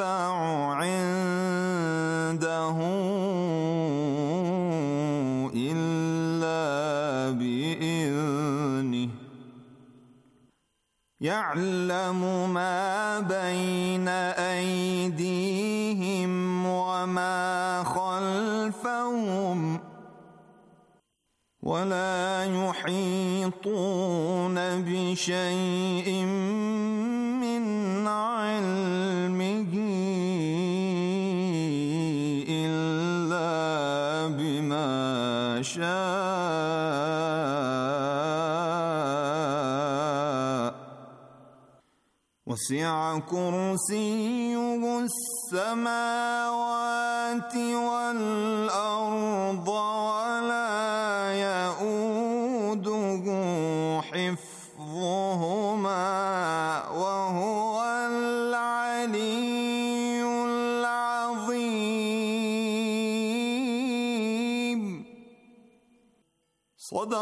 عنده إلا بإذنه يعلم ما بين أيديهم وما خلفهم ولا يحيطون بشيء يشاء وسع كرسيه السماوات والارض والأرض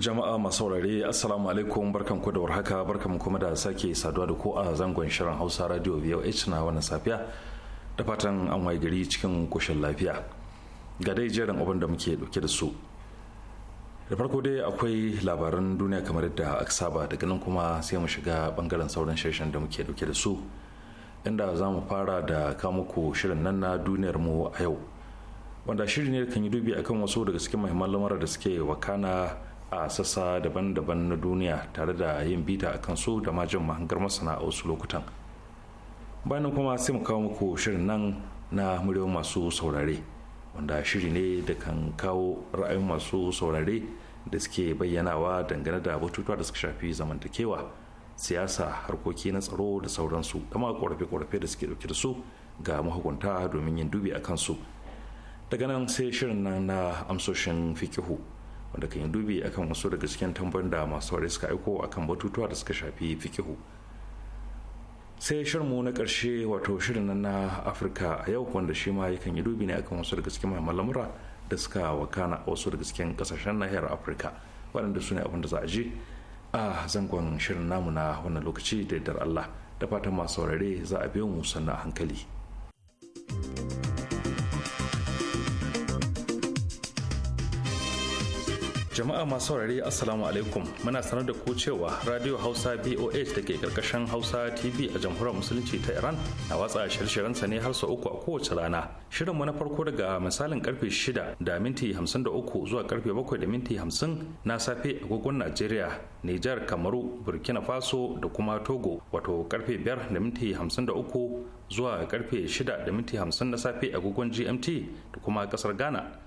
jama'a masu saurare assalamu alaikum barkan ku da warhaka barkan kuma da sake saduwa da ku a zangon shirin hausa radio voh na wannan safiya da fatan an waye gari cikin koshin lafiya ga dai jerin abin da muke dauke da su da farko dai akwai labaran duniya kamar yadda aka saba daga nan kuma sai mu shiga bangaren sauran sheshen da muke dauke da su inda za mu fara da kamuku shirin nan na duniyar mu a yau wanda shiri ne kan yi dubi akan wasu daga cikin muhimman lamura da suke wakana a sassa daban-daban na duniya tare da yin bita a kansu da majin mahangar masana a wasu lokutan bayan kuma sai mu kawo muku shirin nan na muryoyin masu saurare wanda shiri ne da kan kawo ra'ayin masu saurare da suke bayyanawa dangane da batutuwa da suka shafi zamantakewa siyasa harkoki na tsaro da sauransu kama korafe-korafe da suke dauke da su ga mahukunta domin yin dubi a kansu daga nan sai shirin nan na amsoshin fikihu wanda kan yi dubi akan wasu daga cikin tambayoyin da masu saurari suka aiko akan batutuwa da suka shafi fikihu sai mu na ƙarshe wato shirin na afirka a yau wanda shi ma yakan yi dubi ne akan wasu daga cikin mahimman lamura da suka wakana wasu daga cikin ƙasashen nahiyar afirka waɗanda su ne abin da za a ji a zangon shirin namu na wannan lokaci da yardar allah da fatan masu saurare za a biyo mu sannan hankali. thank you Jama'a masu saurari Assalamu alaikum muna sanar da ku cewa Radio Hausa BOH da ke karkashin Hausa TV a Jamhuriyar Musulunci ta Iran na watsa shirye sa ne har sau uku a kowace rana. Shirin mu na farko daga misalin karfe 6 da minti 53 zuwa karfe 7 da minti 50 na safe agogon Najeriya, Nijar, Kamaru, Burkina Faso da kuma Togo wato karfe 5 da minti 53 zuwa karfe 6 da minti 50 na safe agogon GMT da kuma kasar Ghana.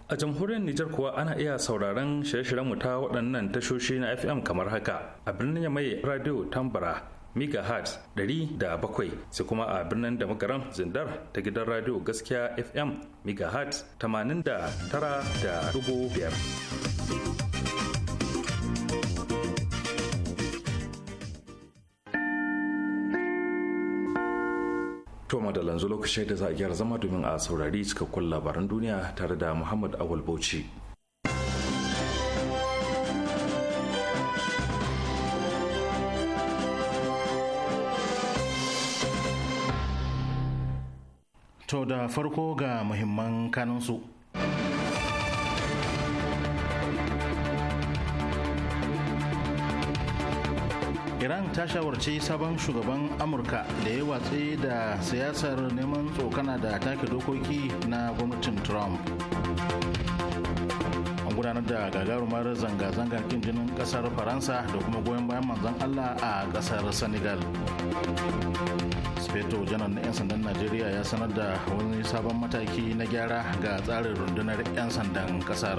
a jamhuriyar Nijar kuwa ana iya sauraron shirye-shiryen mu ta waɗannan tashoshi na FM kamar haka a birnin mai radio Tambara megahertz 107 sai kuma a birnin da magaran zindar ta gidan radio gaskiya fm megahertz 89.5 To da lanzu lokacin da za a gyara zama domin a saurari cikakkun labaran duniya tare da Muhammad Awal Bauchi. To da farko ga muhimman kanunsu. iran ta shawarci sabon shugaban amurka da ya watsi da siyasar neman tsokana da take dokoki na gwamnatin trump an gudanar da gagarumar zanga-zangar kin jinin kasar faransa da kuma goyon bayan manzon allah a kasar senegal feto janar na 'yan sandan najeriya ya sanar da wani sabon mataki na gyara ga tsarin rundunar 'yan sandan kasar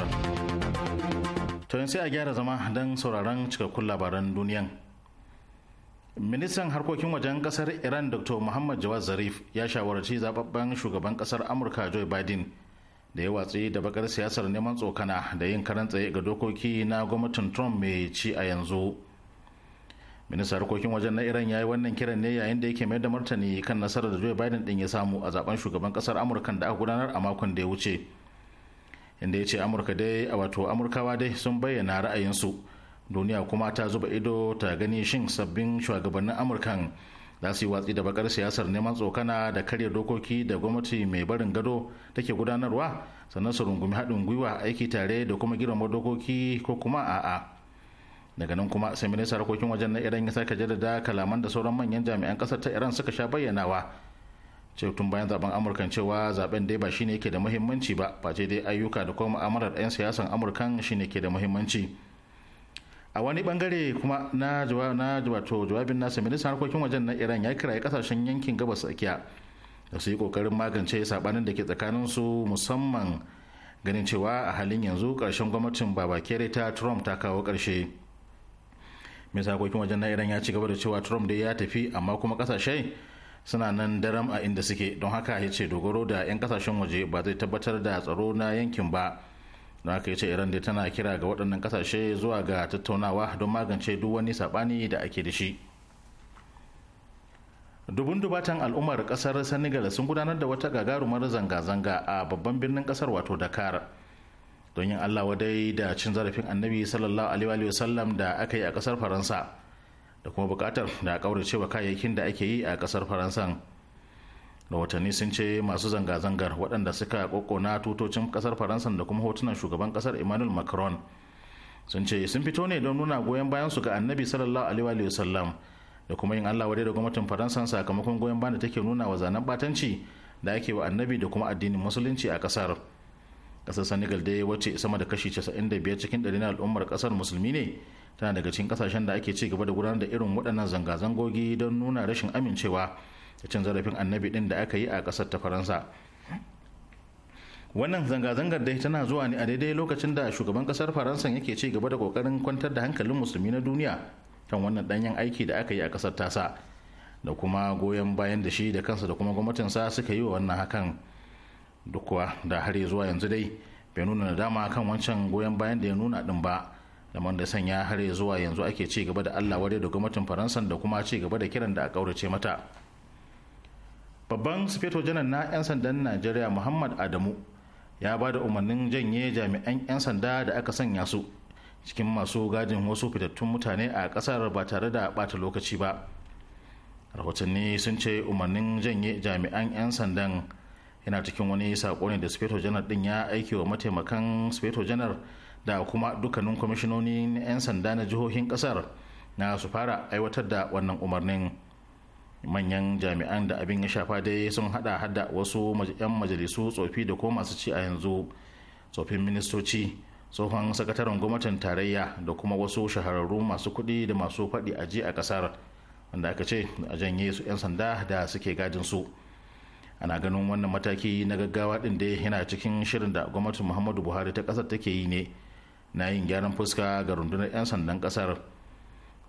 to sai a gyara zama don sauraron cikakkun labaran duniyan ministan harkokin wajen kasar iran dr muhammad jawad zarif ya shawarci zababben shugaban kasar amurka joe biden da ya watsi da bakar siyasar neman tsokana da yin karan tsaye ga dokoki na gwamnatin trump mai ci a yanzu ministan harkokin wajen na iran ya yi wannan kiran ne yayin da yake mai da martani kan nasarar da joe biden din ya samu a zaben shugaban kasar amurka da aka gudanar a makon da ya wuce inda ya ce amurka dai a wato amurkawa dai sun bayyana ra'ayinsu duniya kuma ta zuba ido ta gani shin sabbin shugabannin amurkan za su yi watsi da bakar siyasar neman tsokana da karya dokoki da gwamnati mai barin gado take gudanarwa sannan su rungumi haɗin gwiwa aiki tare da kuma girma dokoki ko kuma a'a daga nan kuma sai ministan harkokin wajen na iran ya sake jaddada kalaman da sauran manyan jami'an ƙasar ta iran suka sha bayyanawa ce tun bayan zaben amurkan cewa zaben dai ba shine ke da muhimmanci ba ba ce dai ayyuka da kuma mu'amalar 'yan siyasan amurkan shine ke da muhimmanci. a wani bangare kuma na to jawabin nasa ministan harkokin wajen na iran ya kira kasashen yankin gabas tsakiya da su yi kokarin magance sabanin da ke tsakanin su musamman ganin cewa a halin yanzu karshen gwamnatin kere ta trump ta kawo karshe mai sakokin wajen na iran ya ci gaba da cewa trump dai ya tafi amma kuma kasashe suna nan daram a inda suke don haka ya ce dogaro da 'yan kasashen waje ba zai tabbatar da tsaro na yankin ba don haka ya ce iran dai tana kira ga waɗannan ƙasashe zuwa ga tattaunawa don magance duk wani saɓani da ake da shi dubun dubatan al'ummar ƙasar senegal sun gudanar da wata gagarumar zanga-zanga a babban birnin ƙasar wato dakar don yin allah wadai da cin zarafin annabi sallallahu alaihi wasallam da aka yi a ƙasar faransa da kuma buƙatar da ƙauracewa kayayyakin da ake yi a ƙasar faransan rahotanni sun ce masu zanga-zangar waɗanda suka kokona tutocin ƙasar faransa da kuma hotunan shugaban ƙasar emmanuel macron sun ce sun fito ne don nuna goyon bayan su ga annabi sallallahu alaihi sallam da kuma yin allah wadai da gwamnatin faransa sakamakon goyon bayan da take nuna wa zanen batanci da ake wa annabi da kuma addinin musulunci a ƙasar ƙasar senegal dai wacce sama da kashi 95 cikin ɗari na al'ummar ƙasar musulmi ne tana daga cikin ƙasashen da ake ci gaba da gudanar da irin waɗannan zanga-zangogi don nuna rashin amincewa da cin zarafin annabi din da aka yi a kasar ta faransa wannan zanga-zangar dai tana zuwa ne a daidai lokacin da shugaban kasar faransa yake ci gaba da kokarin kwantar da hankalin musulmi na duniya kan wannan ɗanyen aiki da aka yi a ƙasar tasa da kuma goyon bayan da shi da kansa da kuma gwamnatinsa suka yi wa wannan hakan duk kuwa da har zuwa yanzu dai bai nuna nadama kan wancan goyon bayan da ya nuna din ba lamar da sanya har zuwa yanzu ake ci gaba da allah ware da gwamnatin faransa da kuma ci gaba da kiran da a kaurace mata babban sufeto janar na 'yan sandan najeriya muhammad adamu ya ba da umarnin janye jami'an 'yan sanda da aka sanya su cikin masu gadin wasu fitattun mutane a kasar ba tare da bata lokaci ba rahotanni sun ce umarnin janye jami'an 'yan sandan yana cikin wani sako ne da sufeto janar din ya aiki wa mataimakan sufeto janar da kuma dukkanin kwamishinonin 'yan sanda na jihohin kasar na su fara aiwatar da wannan umarnin manyan jami'an da abin ya shafa dai sun hada hada wasu 'yan majalisu tsofi da ko masu ci a yanzu tsofin ministoci tsohon sakataren gwamnatin tarayya da kuma wasu shahararru masu kuɗi da masu faɗi aji a kasar wanda aka ce a janye su 'yan sanda da suke gadin su ana ganin wannan mataki na gaggawa ɗin dai yana cikin shirin da gwamnatin muhammadu buhari ta ƙasar take yi ne na yin gyaran fuska ga rundunar 'yan sandan ƙasar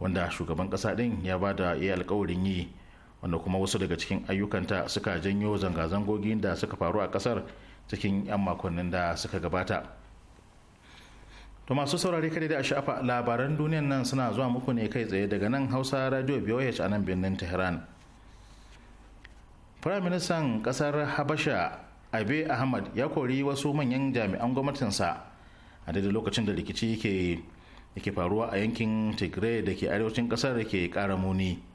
wanda shugaban ƙasa ɗin ya ba da iya alkawarin yi wanda kuma wasu daga cikin ayyukanta suka janyo zanga-zangogi da suka faru a kasar cikin 'yan makonnin da suka gabata to masu saurari kada da sha'afa labaran duniyan nan suna zuwa muku ne kai tsaye daga nan hausa radio boh a nan birnin tehran firaministan kasar habasha abe ahmad ya kori wasu manyan jami'an gwamnatinsa a daidai lokacin da rikici ke faruwa a yankin tigray da ke arewacin kasar da ke kara muni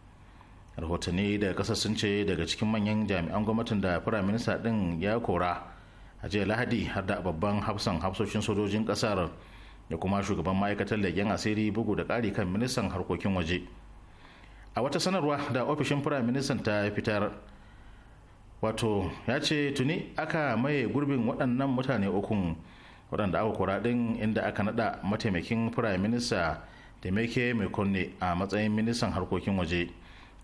rahotanni da kasar sun ce daga cikin manyan jami'an gwamnatin da firaminista ɗin ya kora a jiya lahadi har da babban hafsan hafsoshin sojojin kasar da kuma shugaban ma'aikatar leƙen asiri bugu da ƙari kan ministan harkokin waje a wata sanarwa da ofishin firaministan ta fitar wato ya ce tuni aka maye gurbin waɗannan mutane ukun waɗanda aka kora ɗin inda aka naɗa mataimakin firaminista da meke mai a matsayin ministan harkokin waje.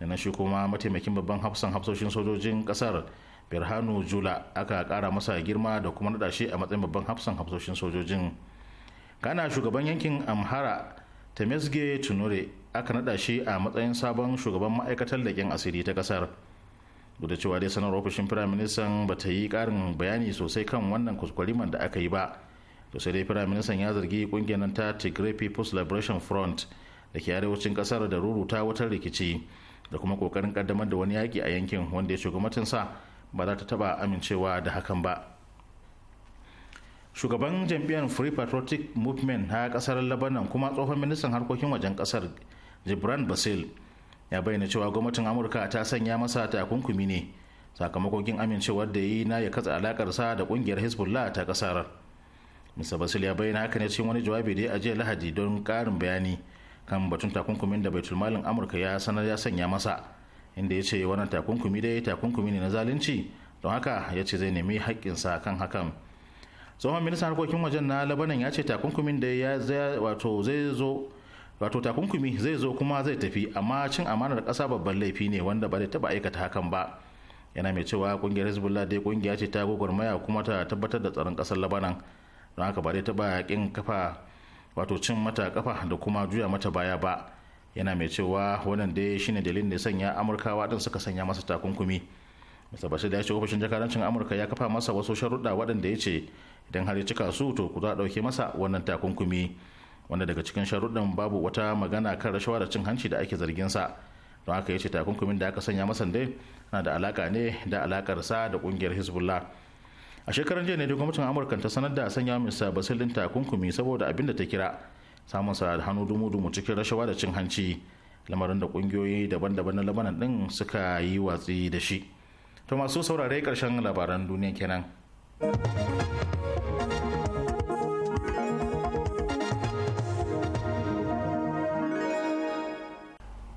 na shi kuma mataimakin babban hafsan hafsoshin sojojin kasar birhanu jula aka kara masa girma da kuma nada shi a matsayin babban hafsan hafsoshin sojojin kana shugaban yankin amhara temesge tunure aka nada shi a matsayin sabon shugaban ma'aikatar leƙen asiri ta kasar duk da cewa dai sanar ofishin firaministan ba ta yi karin bayani sosai kan wannan kuskuriman da aka yi ba to sai dai firaministan ya zargi kungiyar ta tigray people's liberation front da ke arewacin kasar da ruruta wutar rikici da kuma kokarin kaddamar da wani yaki a yankin wanda ya ce sa ba za ta taba amincewa da hakan ba shugaban jam'iyyar free patriotic movement na kasar labanan kuma tsohon ministan harkokin wajen kasar jibran basil ya bayyana cewa gwamnatin amurka ta sanya masa takunkumi ne sakamakokin amincewar da yi na ya katsa sa da kungiyar hezbollah ta kasar mr basil ya bayyana haka ne cikin wani jawabi da ya ajiye lahadi don karin bayani kan batun takunkumin da baitul malin amurka ya sanar ya sanya masa inda ya ce wannan takunkumi dai takunkumi ne na zalunci don haka ya ce zai nemi haƙƙinsa kan hakan tsohon ministan harkokin wajen na labanan ya ce takunkumin da ya wato zai zo wato takunkumi zai zo kuma zai tafi amma cin amanar ƙasa babban laifi ne wanda ba zai taɓa aikata hakan ba yana mai cewa kungiyar hezbollah dai kungiya ce ta gwagwarmaya kuma ta tabbatar da tsaron ƙasar labanan don haka ba zai taɓa yakin kafa wato cin mata kafa da kuma juya mata baya ba yana mai cewa wannan dai shine dalilin da sanya amurkawa din suka sanya masa takunkumi bashi da ya ce ofishin jakarancin amurka ya kafa masa wasu sharuɗa waɗanda ya ce idan har ya cika su to ku za a ɗauke masa wannan takunkumi wanda daga cikin sharuɗan babu wata magana kan rashawa da cin hanci da ake zargin sa don haka ya ce takunkumin da aka sanya masa dai na da alaka ne da alakar sa da ƙungiyar hezbollah a shekaran jiya ne dai gwamnatin amurka ta sanar da sanya mista basir din takunkumi saboda abin da ta kira samun sa hannu dumu-dumu cikin rashawa da cin hanci lamarin da kungiyoyi daban-daban na lamarin din suka yi watsi da shi to masu saurare karshen labaran duniya kenan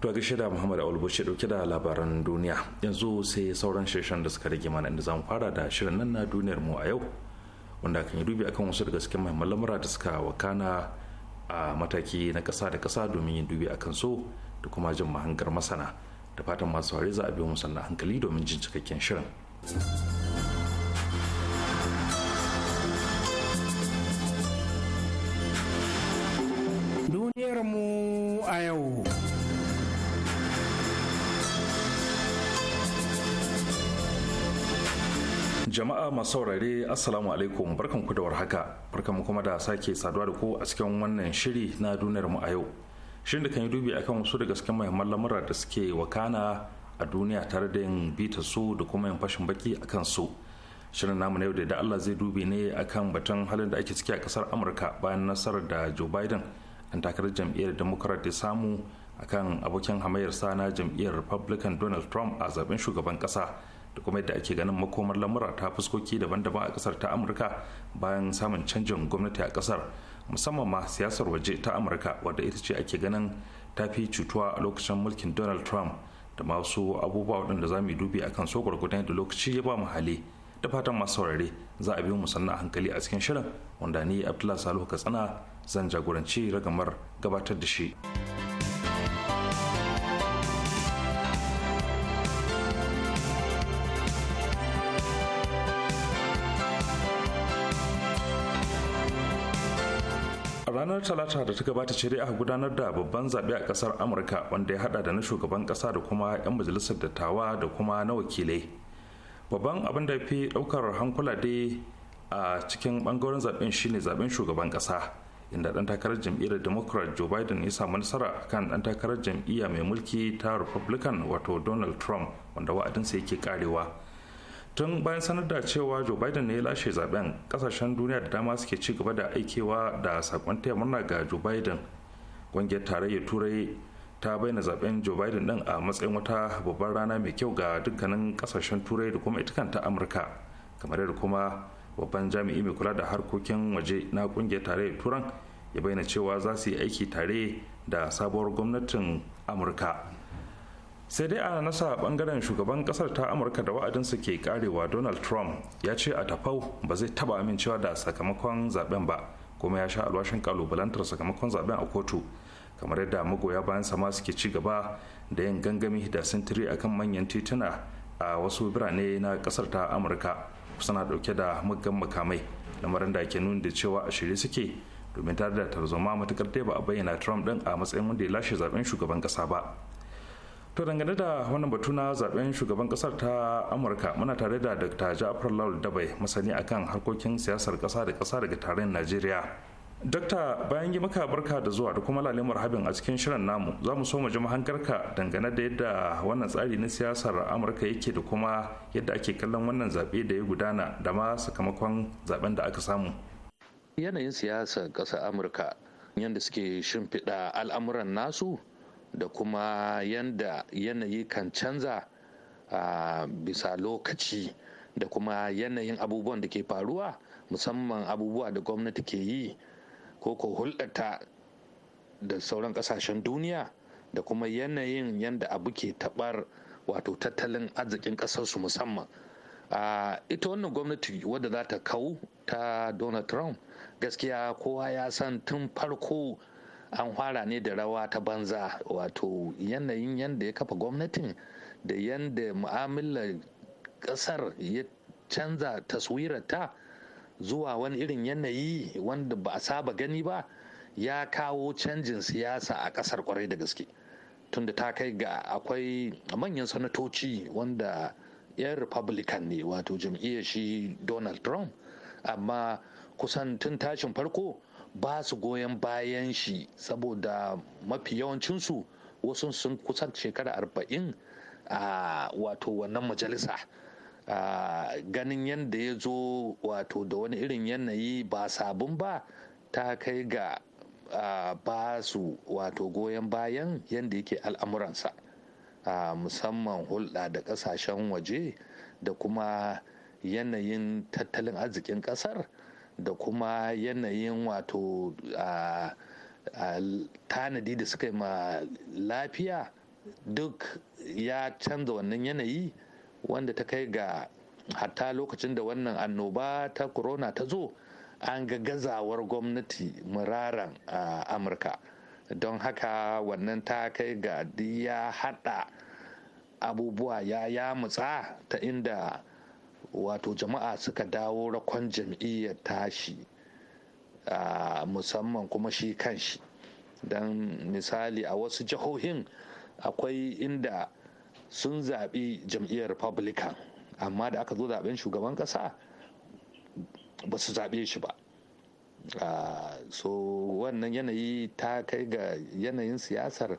To ga shida Muhammad Awul Bashir dauke da labaran duniya. Yanzu sai sauran shirin da suka rage mana inda zamu fara da shirin nan na duniyar mu a yau. Wanda kan yi dubi akan wasu daga cikin muhimman lamura da suka wakana a mataki na ƙasa da ƙasa domin yin dubi akan so da kuma jin mahangar masana. Da fatan masu saurare za a biyo musan na hankali domin jin cikakken shirin. Duniyar mu a yau. jama'a masu saurare assalamu alaikum barkan ku da warhaka barkan mu kuma da sake saduwa da ku a cikin wannan shiri na duniyar mu a yau shirin da kan yi dubi akan wasu daga cikin muhimman lamura da suke wakana a duniya tare da yin bita su da kuma yin fashin baki akan su shirin namu na yau da Allah zai dubi ne akan batun halin da ake ciki a kasar Amurka bayan nasarar da Joe Biden an takarar jam'iyyar Democrat ya samu akan abokin hamayyarsa na jam'iyyar Republican Donald Trump a zaben shugaban kasa da kuma yadda ake ganin makomar lamura ta fuskoki daban-daban a kasar ta amurka bayan samun canjin gwamnati a kasar musamman ma siyasar waje ta amurka wadda ita ce ake ganin ta fi cutuwa a lokacin mulkin donald trump da masu abubuwa waɗanda za mu dubi akan so gwargwadon da lokaci ya ba mu hali da fatan masu saurare za a bi mu sannan a hankali a cikin shirin wanda ni abdullahi salihu katsina zan jagoranci ragamar gabatar da shi. ranar talata da ta gabata shari'a gudanar da babban zaɓe a ƙasar amurka wanda ya haɗa da na shugaban ƙasa da kuma 'yan majalisar dattawa da kuma na wakilai babban abin da fi ɗaukar hankula dai a cikin ɓangaren zaɓen shine zaɓen shugaban ƙasa inda ɗan takarar jam'iyyar democrat joe biden ya samu nasara kan ɗan takarar jam'iyya mai mulki ta republican wato donald trump wanda wa'adinsa yake karewa tun bayan sanar da cewa joe biden ne ya lashe zaben kasashen duniya da dama suke ci gaba da aikewa da sakon taya murna ga joe biden ƙungiyar tarayyar turai ta bayyana zaben joe biden din a matsayin wata babbar rana mai kyau ga dukkanin kasashen turai da kuma itikan ta amurka kamar yadda kuma babban jami'i mai kula da harkokin waje na ƙungiyar tarayyar turan ya bayyana cewa za su yi aiki tare da sabuwar gwamnatin amurka sai dai a nasa bangaren shugaban kasar ta amurka da wa'adinsa ke karewa donald trump ya ce a tafau ba zai taba amincewa da sakamakon zaben ba kuma ya sha alwashin kalubalantar sakamakon zaben a kotu kamar yadda magoya bayan sama suke ci gaba da yin gangami da sintiri akan manyan tituna a wasu birane na kasar ta amurka kusa na dauke da muggan makamai lamarin da ke nuni da cewa a shirye suke domin tare da tarzoma matukar dai ba a bayyana trump din a matsayin wanda ya lashe zaben shugaban kasa ba to dangane da wannan batu na zaben shugaban kasar ta amurka muna tare da dr ja'afar lawal dabai masani akan harkokin siyasar kasa da kasa daga tarayyar najeriya Dokta bayan yi maka barka da zuwa da kuma lalimar habin a cikin shirin namu za mu so mu ji hankarka dangane da yadda wannan tsari na siyasar Amurka yake da kuma yadda ake kallon wannan zaɓe da ya gudana da ma sakamakon zaben da aka samu. Yanayin siyasar ƙasar Amurka yadda suke shimfiɗa al'amuran nasu da kuma yanda yanayi kan canza a bisa lokaci da kuma yanayin abubuwan da ke faruwa musamman abubuwa da gwamnati ke yi ko ko hulɗata da sauran ƙasashen duniya da kuma yanayin yanda abu ke taɓar wato tattalin arzikin ƙasarsu musamman a ita wannan gwamnati wadda za ta kau ta donald trump gaskiya kowa ya san tun farko an fara ne da rawa ta banza wato yanayin yadda ya kafa gwamnatin da yadda mu'amalar ƙasar ya canza taswirarta zuwa wani irin yanayi wanda ba a saba gani ba ya kawo canjin siyasa a ƙasar kwarai da gaske tunda ta kai ga akwai manyan sanatoci wanda 'yan republican ne wato jam'iyyar shi donald trump amma kusan tun tashin farko ba su goyon bayan shi saboda mafi yawancinsu wasu sun kusan shekara arba'in a wato wannan majalisa ganin yadda ya zo wato da wani irin yanayi ba sabon ba ta kai ga ba su wato goyon bayan yadda yake al'amuransa musamman hulɗa da ƙasashen waje da kuma yanayin tattalin arzikin ƙasar da kuma yanayin wato a tanadi da suka yi ma lafiya duk ya canza wannan yanayi wanda ta kai ga hatta lokacin da wannan annoba ta corona ta zo an ga gazawar gwamnati muraran a amurka don haka wannan ta kai ga ya hada abubuwa ya yamutsa ta inda wato jama'a suka dawo rakon jam'iyyar tashi a musamman kuma shi kanshi don misali a wasu jihohin akwai inda sun zaɓi jam'iyyar republican amma da aka zo zaɓen shugaban ƙasa ba su zaɓe shi ba so wannan yanayi ta kai ga yanayin siyasar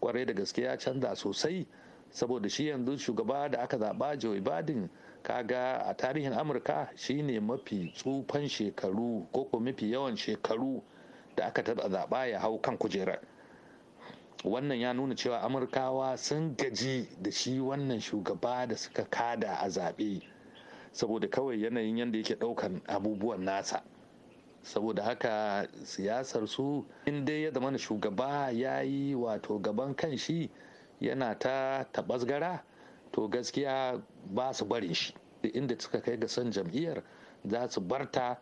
kwarai da gaske ya canza sosai saboda shi yanzu shugaba da aka zaɓa joe biden kaga a tarihin amurka shine mafi tsufan shekaru ko mafi yawan shekaru da aka taba zaɓa ya hau kan kujerar wannan ya nuna cewa amurkawa sun gaji da shi wannan shugaba da suka kada a zaɓe saboda kawai yanayin yadda yake ɗaukan abubuwan nasa saboda haka siyasar su in dai ya zama shugaba ya yi wato gaban kanshi yana ta taɓasgara to gaskiya ba su barin shi inda suka kai ga son jam'iyyar za su barta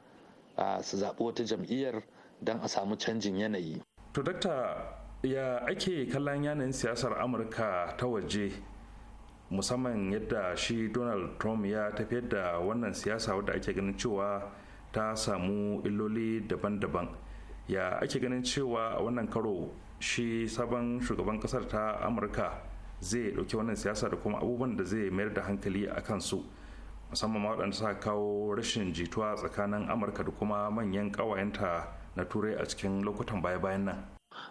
su zaɓi wata jam'iyyar don a samu canjin yanayi to dakta ya ake kallon yanayin siyasar amurka ta waje musamman yadda shi donald trump ya tafiyar da wannan siyasa wadda ake ganin cewa ta samu illoli daban-daban ya ake ganin cewa a wannan karo shi sabon shugaban kasar ta amurka zai ɗauki wannan siyasa da kuma abubuwan da zai mayar da hankali a kansu musamman ma waɗanda suka kawo rashin jituwa tsakanin amurka da kuma manyan ƙawayenta na turai a cikin lokutan baya-bayan nan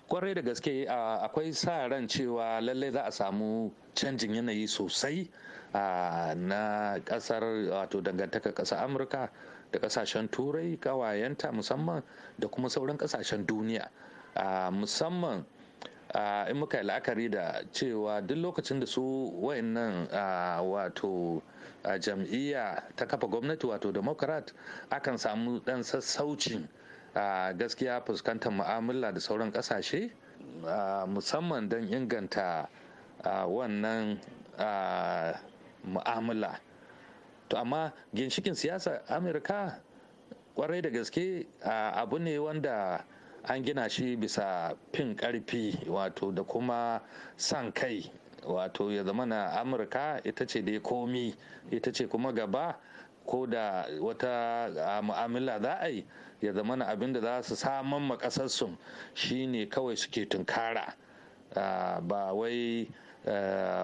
kwarai da gaske akwai sa ran cewa lallai za a samu canjin yanayi sosai na kasar wato dangantaka ƙasar amurka da ƙasashen turai ƙawayenta musamman da kuma sauran ƙasashen duniya musamman in muka yi la'akari da cewa duk lokacin da su wayannan wato jam'iyya ta kafa gwamnati wato democrat akan samu dan sassaucin gaskiya fuskantar mu'amala da sauran kasashe musamman don inganta wannan mu'amala to amma ginshikin siyasa amurka kwarai da gaske abu ne wanda an gina shi bisa fin karfi wato da kuma san kai wato ya zama na amurka ita ce dai komi ita ce kuma gaba ko da wata mu'amala za a yi ya zama na abin da za su saman makasarsu shine kawai suke tunkara ba wai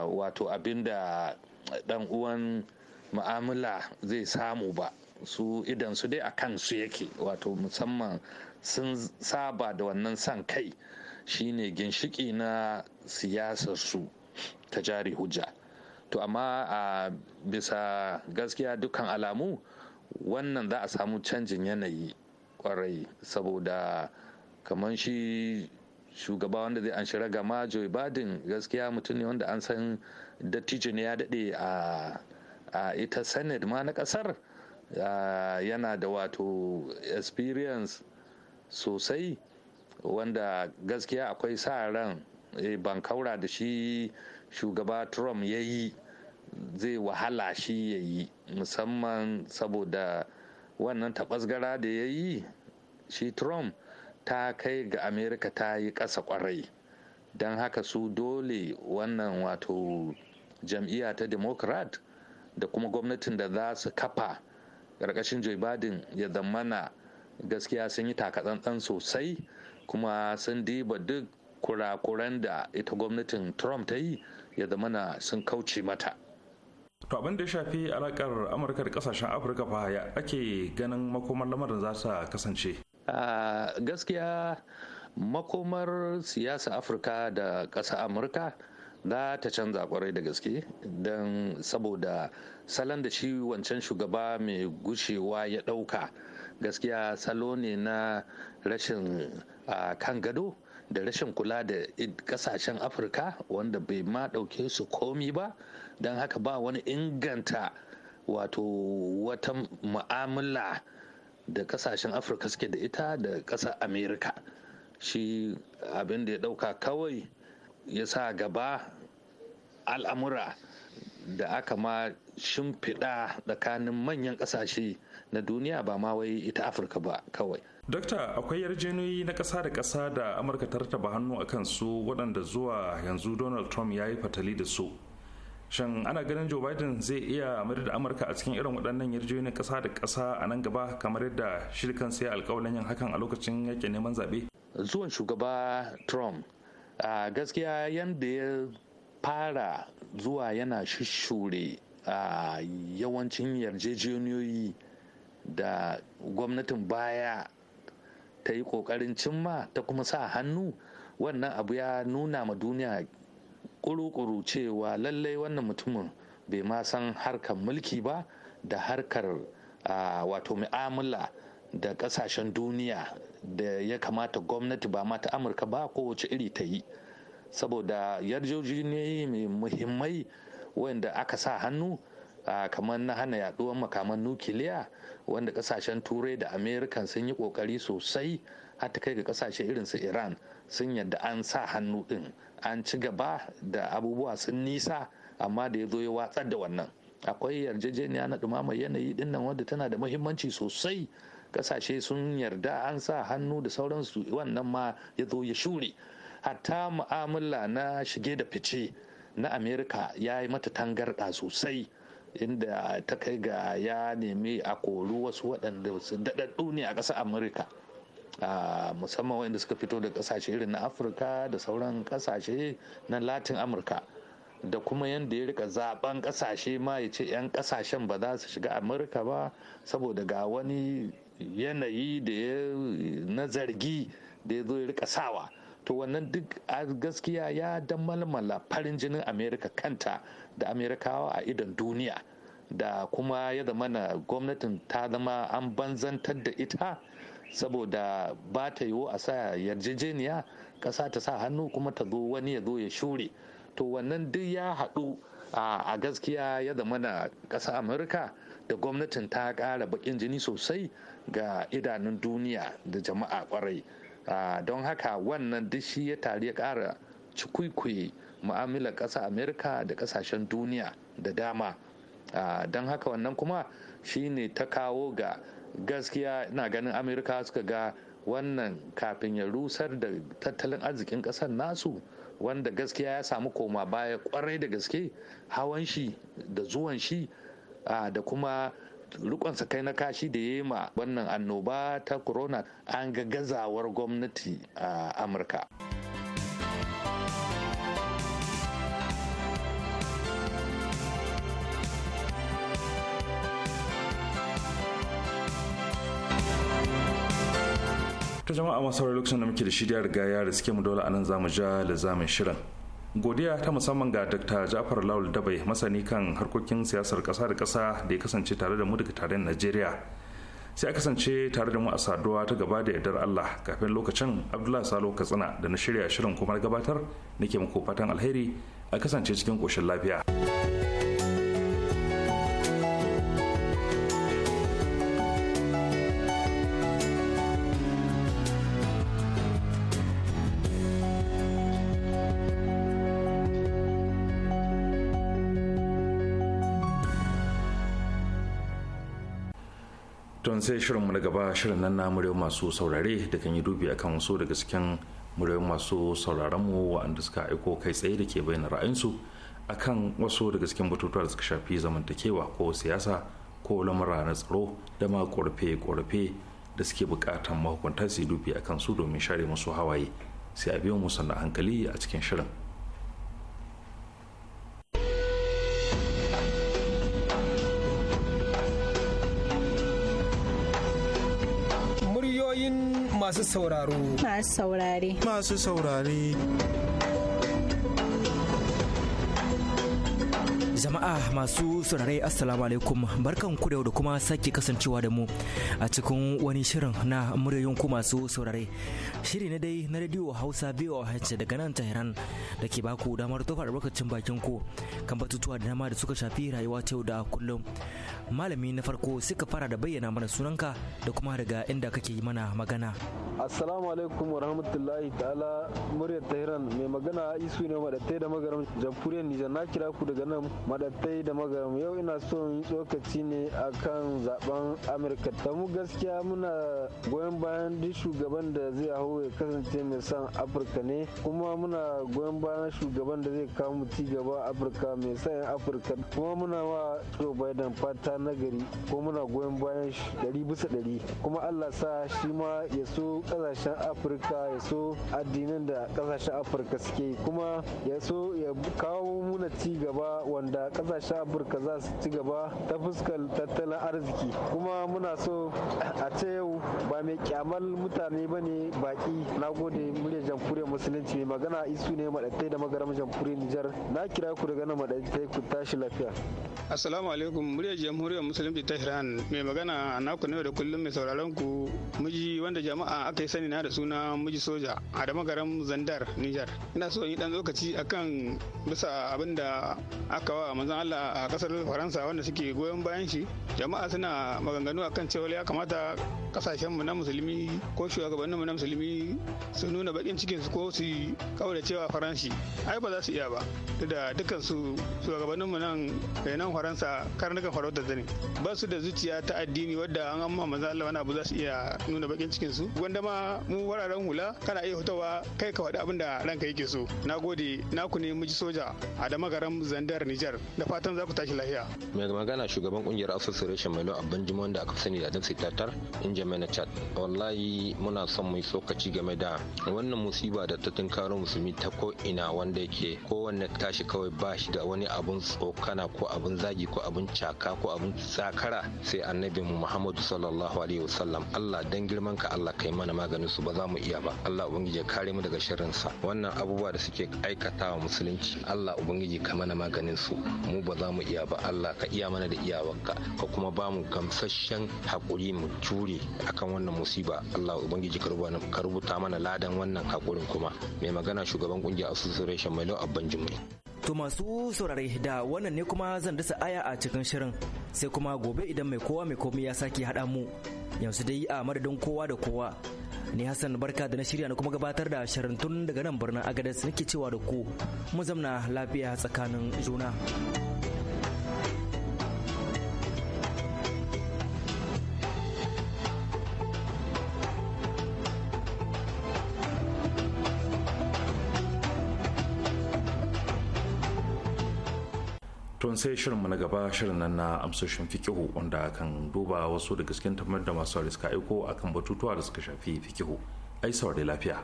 wato abin da dan uwan mu'amala zai samu ba su idan su dai a kansu yake wato musamman sun saba da wannan san kai shine ginshiki na siyasar su ta jari hujja to amma a bisa gaskiya dukkan alamu wannan za a samu canjin yanayi kwarai saboda kamar shi shugaba wanda zai an shira gama joe badin gaskiya mutum ne wanda an san dattijo ne ya daɗe a ita senate ma na ƙasar yana da wato experience sosai wanda gaskiya akwai sa ran eh, ban kaura da shi shugaba trump ya yi zai wahala shi ya yi musamman saboda wannan taɓasgara da ya yi shi trump ta kai ga amerika ta yi ƙasa kwarai don haka su dole wannan wato jam'iyya ta democrat da kuma gwamnatin da za su kafa ƙarƙashin joe biden ya zamana gaskiya sun yi takatsantsan sosai kuma sun diba duk kurakuran da ita gwamnatin trump ta yi ya na sun kauce mata to abin da ya shafi alakar amurka da kasashen afirka fa ya ake ganin makomar lamarin za ta kasance gaskiya makomar siyasa afirka da ƙasa amurka za ta canza kwarai da gaske don saboda salon da shi wancan shugaba mai gushewa ya ɗauka gaskiya salo ne na rashin kan gado da rashin kula da kasashen afirka wanda bai ma ɗauke su komi ba don haka ba wani inganta wato wata mu'amala da kasashen afirka suke da ita da ƙasar amerika shi abin da ya ɗauka kawai ya sa gaba al'amura da aka ma shimfiɗa tsakanin manyan ƙasashe na duniya ba ma wai ita afirka ba kawai dokta akwai yarjejeniyoyi na ƙasa da ƙasa da amurka ta rataba hannu a su waɗanda zuwa yanzu donald trump ya yi fatali da su shin ana ganin joe biden zai iya mayar da amurka a cikin irin waɗannan na ƙasa da kasa a nan gaba kamar yadda shi sai alkawalin alƙawalin yin hakan a lokacin yake neman zaɓe zuwan shugaba trump a gaskiya yadda ya fara zuwa yana shishure a yawancin yarjejeniyoyi da gwamnatin baya ta yi ƙoƙarin cimma ta kuma sa hannu wannan abu ya nuna ma duniya kuru-kuru cewa lallai wannan mutumin bai ma san harkar mulki ba da harkar wato mu'amala da ƙasashen duniya da ya kamata gwamnati ba ma ta amurka ba kowace iri ta yi saboda yarjejeniyoyi mai muhimmai wanda aka sa hannu kamar na hana yaduwar makaman nukiliya wanda kasashen turai da amerika sun yi kokari sosai har ta kai ga kasashe irin su iran sun yadda an sa hannu din an ci gaba da abubuwa sun nisa amma da ya zo ya watsar da wannan akwai yarjejeniya na dumamar yanayi din nan wadda tana da muhimmanci sosai kasashe sun yarda an sa hannu da sauransu wannan ma ya zo ya shure hatta mu'amala na shige da fice na amerika ya yi mata tangarɗa sosai inda ta kai ga ya nemi a kori wasu waɗanda su daɗaɗɗu ne a ƙasar amurka musamman waɗanda suka fito da ƙasashe irin na afirka da sauran ƙasashe na latin amurka da kuma yadda ya rika zaben ƙasashe ma ya ce 'yan ƙasashen ba za su shiga amurka ba saboda ga wani yanayi da ya na zargi da ya zo ya rika sawa to wannan duk a gaskiya ya damalmala farin jinin amerika kanta da amerikawa a idon duniya da kuma ya zama na gwamnatin ta zama an banzantar da ita saboda ba ta yiwu a sa yarjejeniya ƙasa ta sa hannu kuma ta zo wani ya zo ya shure to wannan duk ya haɗu a gaskiya ya zama na ƙasa amurka da gwamnatin ta ƙara baƙin jini sosai ga idanun duniya da jama'a ƙwarai don haka wannan duk shi ya tare ya ƙara cikuikuyi mu'amalar ƙasa amerika da ƙasashen duniya da dama don haka wannan kuma shine ta kawo ga gaskiya ina ganin amerika suka ga wannan kafin ya rusar da tattalin arzikin ƙasar nasu wanda gaskiya ya samu koma baya kwarai da gaske hawan shi da zuwan shi da kuma rikon kai na kashi da ya yi ma wannan annoba ta corona an ga gazawar gwamnati a amurka ta jama'a masu lokacin da muke da shirya riga ya suke mu dole anan zamu ja da zamun shirin godiya ta musamman ga dr jafar lawal dabai masani kan harkokin siyasar kasa da kasa da ya kasance tare da mu daga tarayyar najeriya sai a kasance tare da mu a saduwa ta gaba da yardar allah kafin lokacin abdullahi salo katsina da na shirya shirin kuma gabatar nake muku fatan alheri a kasance cikin koshin lafiya. sai shirinmu na gaba shirin nan na muryar masu saurare da kan yi dubi a kan wasu daga cikin muryar masu sauraronmu waɗanda suka aiko kai tsaye da ke bayyana ra'ayinsu a kan wasu daga cikin batutuwa da suka shafi zamantakewa ko siyasa ko lamura na tsaro da ma korafe-korafe da suke bukatan mahukunta su yi dubi akan su domin share musu hawaye sai a biyo mu sannan hankali a cikin shirin. masu sauraro. Masu saurare. Masu saurare. jama'a masu saurare assalamu alaikum barkan ku da yau da kuma sake kasancewa da mu a cikin wani shirin na muryoyin ku masu saurare shiri na dai na radio hausa biyu a boh daga nan tehran da ke baku damar tofa lokacin bakin ku kan batutuwa da dama da suka shafi rayuwa ta yau da kullum malami na farko suka fara da bayyana mana sunanka da kuma daga inda kake yi mana magana assalamu alaikum wa rahmatullahi ta'ala muryar tehran mai magana isu ne madattai da magaram jamhuriyar nijar na kira ku daga nan madattai da magaram yau ina so tsokaci ne a kan zaben amurka ta mu gaskiya muna goyon bayan duk shugaban da zai hau ya kasance mai san afirka ne kuma muna goyon bayan shugaban da zai kawo mu ci gaba afirka mai son afirka kuma muna wa joe biden fatan nagari ko muna goyon bayan shi dari bisa dari kuma allah sa shi ma ya so kasashen afirka ya so addinin da kasashen afirka suke kuma ya so ya kawo muna ci gaba wanda kasashen afirka za su ci gaba ta fuskar tattalin arziki kuma muna so a ce yau ba mai kyamar mutane ba ne baki na gode murya jamhuriyar musulunci mai magana isu ne maɗatai da magaram jamhuriyar nijar na kira ku daga nan maɗatai ku tashi lafiya assalamu alaikum muryar jamhuriyar jamhuriyar musulunci ta iran mai magana naku na yau da kullum mai sauraron ku miji wanda jama'a aka yi sani na da suna miji soja a da magaram zandar niger ina so yi dan lokaci akan bisa abin da aka wa manzon allah a kasar faransa wanda suke goyon bayan shi jama'a suna maganganu akan cewa ya kamata mu na musulmi ko mu na musulmi su nuna bakin cikin su ko su da cewa faransi ai ba za su iya ba da dukkan su mu nan nan faransa karnukan farautar basu ba su da zuciya ta addini wadda an amma manzo Allah wani abu za su iya nuna bakin cikin su wanda ma mu wararen hula kana iya hutawa kai ka faɗi abin da ranka yake so nagode naku ne miji soja a da magaran zandar Nijar da fatan za ku tashi lafiya mai magana shugaban kungiyar association lo Abban Jimon da aka sani da Adam Sitatar in na Chat wallahi muna son mu yi tsokaci game da wannan musiba da ta tunkaro musulmi ta ko ina wanda yake kowanne tashi kawai ba shi da wani abun tsokana ko abun zagi ko abun caka ko abun sakara sai annabi mu Muhammadu sallallahu alaihi wasallam Allah dan girman ka Allah kai mana maganin su ba za mu iya ba Allah ubangiji ya kare mu daga sharrin sa wannan abubuwa da suke aikatawa musulunci Allah ubangiji ka mana maganin su mu ba za mu iya ba Allah ka iya mana da iyawanka ka kuma ba mu gamsasshen hakuri mu jure akan wannan musiba Allah ubangiji ka rubuta mana ladan wannan hakurin kuma mai magana shugaban kungiyar asusun reshen mai lau abban juma'i. To masu saurare da wannan ne kuma zan dasa aya a cikin shirin sai kuma gobe idan mai kowa mai komai ya sake haɗa mu yanzu dai a madadin kowa da kowa ni Hassan barka da na shirya na kuma gabatar da shirin tun daga nan birnin Agadez nake cewa da ku mu zamna lafiya tsakanin juna. kafin sai shirinmu na gaba shirin nan na amsoshin fikihu wanda kan duba wasu da gaskin tamar da masu suka aiko akan batutuwa da suka shafi fikihu ai saurari lafiya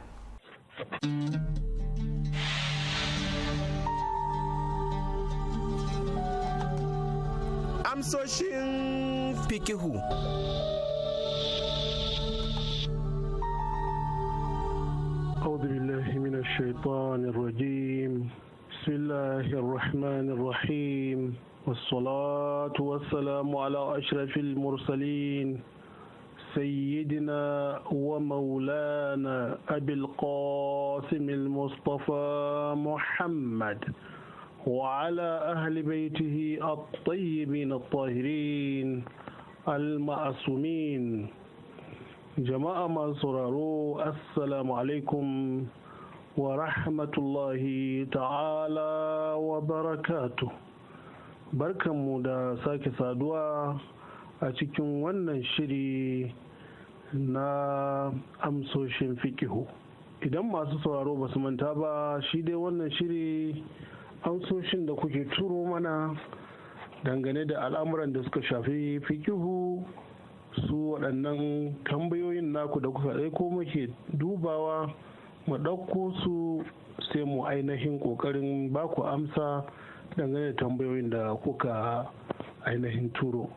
amsoshin fikihu أعوذ بالله من الشيطان الرجيم بسم الله الرحمن الرحيم والصلاة والسلام على أشرف المرسلين سيدنا ومولانا أبي القاسم المصطفى محمد وعلى أهل بيته الطيبين الطاهرين المعصومين جماعة ما السلام عليكم ورحمة الله تعالى وبركاته mu da sake saduwa a cikin wannan shiri na amsoshin fikihu idan masu sauraro ba su manta ba shi dai wannan shiri amsoshin da kuke turo mana dangane da al'amuran da suka shafi fikihu su waɗannan tambayoyin naku da kuka ko muke dubawa mu ɗauko su sai mu ainihin ƙoƙarin ba ku amsa dangane da tambayoyin da kuka ainihin turo.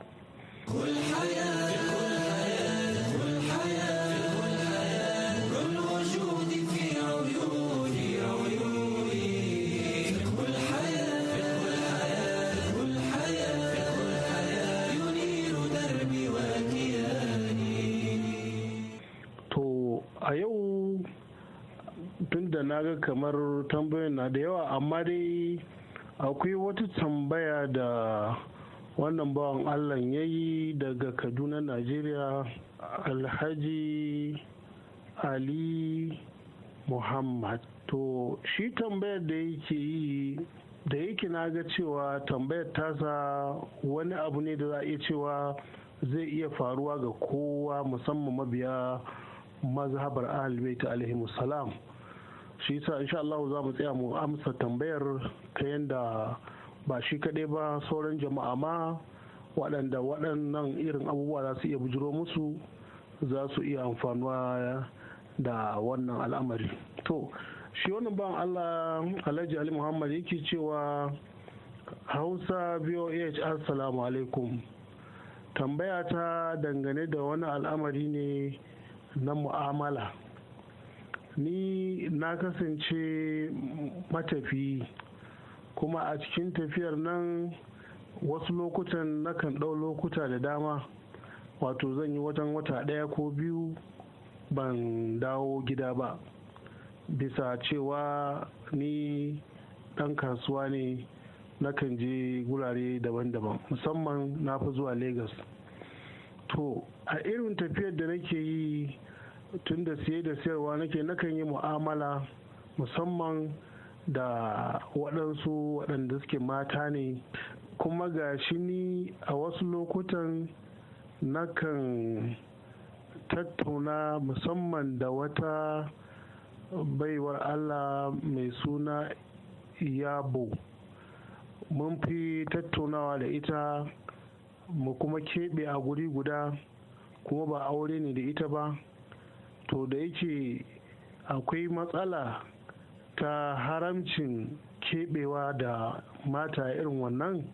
na ga kamar tambayoyin na da yawa amma dai akwai wata tambaya da wannan bawan allah ya yi daga kaduna najeriya alhaji ali muhammad to shi tambayar da yake yi da yake na ga cewa tambayar tasa wani abu ne da za a iya cewa zai iya faruwa ga kowa musamman mabiya mazhabar ahalibaita alaihi salam shi yasa insha Allah za mu tsaya mu amsa tambayar ta yadda ba shi kaɗai ba sauran jama'a ma waɗanda waɗannan irin abubuwa za su iya bujiro musu za su iya amfanuwa da wannan al'amari to shi wannan ban Allah Alhaji Ali Muhammad yake cewa Hausa BOH Assalamu alaikum tambaya ta dangane da wani al'amari ne na mu'amala ni na kasance matafi kuma a cikin tafiyar nan wasu lokutan nakan ɗau lokuta da dama wato zan yi watan wata ɗaya ko biyu ban dawo gida ba bisa cewa ni ɗan kasuwa ne nakan je gurare daban-daban musamman na fi zuwa lagos to a irin tafiyar da nake yi tun da siye da siyarwa nake nakan yi mu'amala musamman da waɗansu waɗanda suke mata ne kuma ga shi ni a wasu lokutan nakan tattauna musamman da wata baiwar allah mai suna yabo mun fi tattaunawa da ita mu kuma keɓe a guri guda kuma ba aure ne da ita ba to da yake akwai matsala ta haramcin keɓewa da mata irin wannan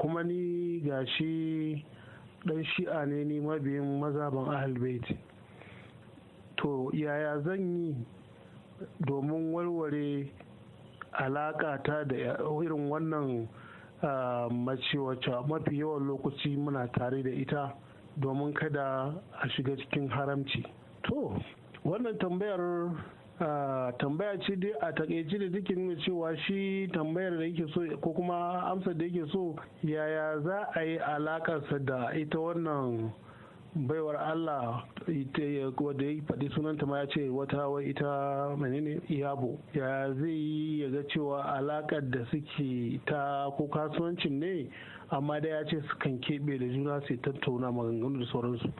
kuma ni ga shi ɗan shi'a ne ni mabiyin mazaban ahalbait to yaya zan yi domin warware alaƙa ta da irin wannan mace wacce mafi yawan lokaci muna tare da ita domin kada a shiga cikin haramci to wannan tambayar tambaya ce dai a takaice da take nuna cewa shi tambayar da yake so ko kuma amsar da yake so yaya za a yi alakarsa da ita wannan baiwar Allah ita ya faɗi sunanta ma ya ce wata wai ita menene iyabo ya zai yi ya ga cewa alakar da suke ta ko kasuwancin ne amma da ya ce sukan keɓe da juna su tattauna maganganu da sauransu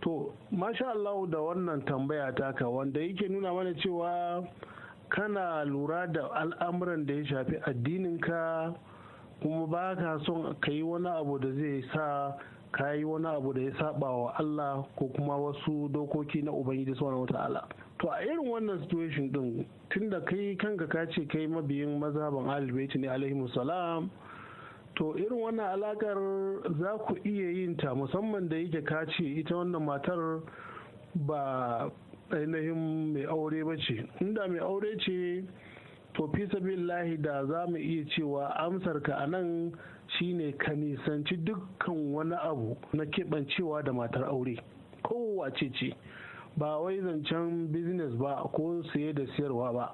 to masha Allah da wannan tambaya taka wanda yake nuna mana cewa kana lura da al'amuran da ya shafi addininka kuma ba ka son ka yi wani abu da zai sa ka yi wani abu da ya saba wa Allah ko kuma wasu dokoki na Ubangiji subhanahu wata'ala to a irin wannan situation din tunda kai kanka ka ce kai mabiyin mazhaban Ahlul ne alaihi salam to irin wannan alakar za ku iya yin ta musamman da yake ka ce ita wannan matar ba ainihin mai aure ba ce inda mai aure ce to fi lahi da za mu iya cewa amsarka a nan shine ka nisanci dukkan wani abu na keɓancewa da matar aure kowace ce ba wai zancen business ba ko saye da siyarwa ba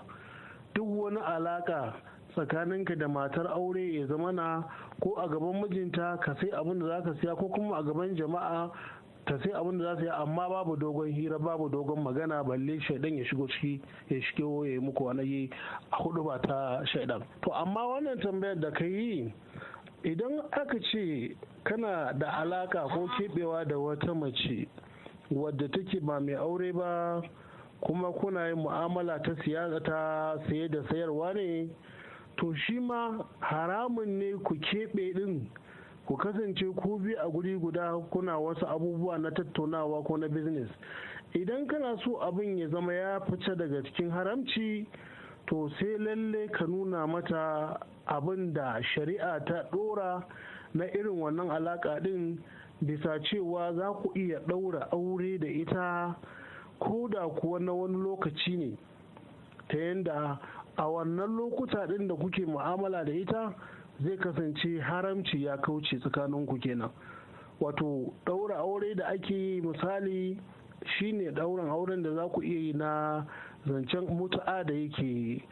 duk wani alaka tsakaninka da matar aure ya zama na ko a gaban mijinta ka sai abin da za ka siya ko kuma a gaban jama'a ta sai abin da za su yi amma babu dogon hira babu dogon magana balle shaidan ya shigo ciki ya shigo ya yi muku wani yi. a hudu ba ta shaidan to amma wannan tambayar da ka yi idan aka ce kana da alaka ko keɓewa da wata mace wadda take ba mai aure ba kuma kuna yin mu'amala ta siyasa ta saye da sayarwa ne to shi ma haramun ne ku keɓe ɗin ku kasance ku bi a guri guda kuna wasu abubuwa na tattaunawa ko na business idan kana so abin ya zama ya fice daga cikin haramci to sai lalle ka nuna mata abin da shari'a ta ɗora na irin wannan alaƙa ɗin bisa cewa za ku iya ɗaura aure da ita ko da kuwa na wani lokaci ne ta yadda a wannan lokuta ɗin da kuke mu'amala da ita zai kasance haramci ya kauce tsakanin ku kenan wato ɗaura aure da ake yi misali shine ɗauran auren da za ku iya yi na zancen mutu'a da yake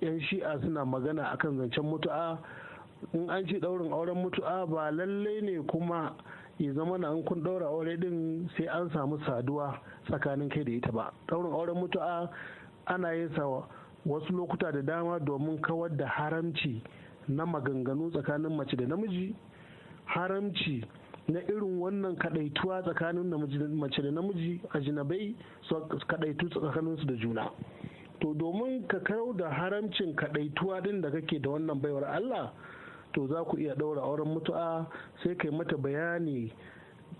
yan shi'a suna magana akan zancen mutu'a in an ce daurin auren mutu'a ba lallai ne kuma ya zama na an kun daura aure din sai an samu saduwa tsakanin kai da ita ba daurin auren mutu'a ana yin sa wasu lokuta da dama domin kawar da haramci na maganganu tsakanin mace da namiji haramci na irin wannan kadaituwa tsakanin mace da namiji a jinabai su kadaitu tsakaninsu da juna to domin ka karau da haramcin kadaituwa din da kake da wannan baiwar Allah to za ku iya ɗaura auren mutu'a sai kai mata bayani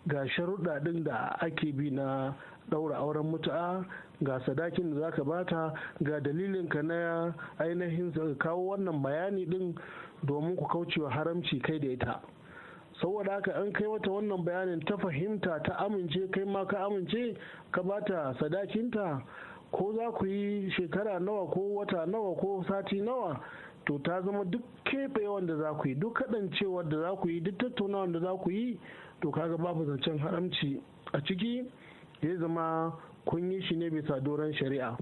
ga sharuɗa ɗin da ake bi na ɗaura auren mutu'a ga sadakin da zaka bata ga dalilin ka na ainihin kawo wannan bayani ɗin domin ku kaucewa haramci kai da ita saboda haka an kai wata wannan bayanin ta fahimta ta amince kai ma ka amince ka bata sadakinta ko za ku yi shekara nawa ko wata nawa ko sati nawa to ta zama duk keɓe wanda za ku yi duk kaɗancewar da za ku yi duk tattaunawa da za ku yi to kaga babu zancen haramci a ciki ya zama kun yi shi ne bisa doron shari'a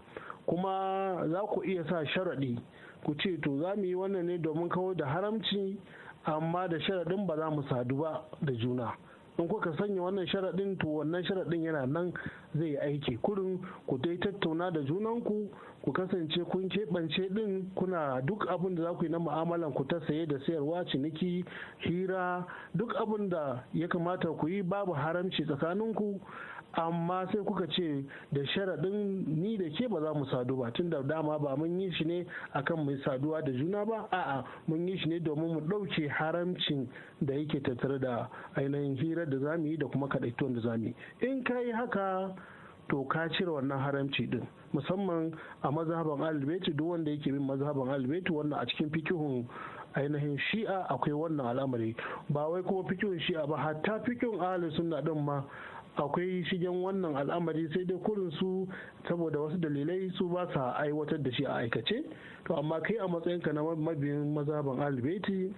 kuma za ku iya sa sharaɗi ku ce to za mu yi wannan ne domin kawo da haramci amma da sharaɗin ba za mu sadu ba da juna in kuka sanya wannan sharaɗin to wannan sharaɗin yana nan zai aiki kurin ku dai tattauna da junanku ku kasance kun keɓance ɗin kuna duk abin da za ku yi na mu'amalan ku ta saye da sayarwa ciniki hira duk abin da ya kamata ku yi babu haramci tsakaninku amma sai kuka ce da sharaɗin ni da ke ba za mu sadu ba tun da dama ba mun yi shi ne akan mai saduwa da juna ba a'a mun yi shi ne domin mu ɗauke haramcin da yake tattare da ainihin hirar da za mu yi da kuma kaɗaituwan da za mu yi in ka yi haka to ka cire wannan haramci din musamman a mazhaban albeti duk wanda yake bin mazhaban albeti wannan a cikin fikihun ainihin shi'a akwai wannan al'amari ba wai kuma fikihun shi'a ba hatta fikihun ahli sunna din ma akwai shigen wannan al'amari sai dai kurin su saboda wasu dalilai su ba sa aiwatar da shi a aikace to amma kai a matsayinka na mabiyin mazaban albeti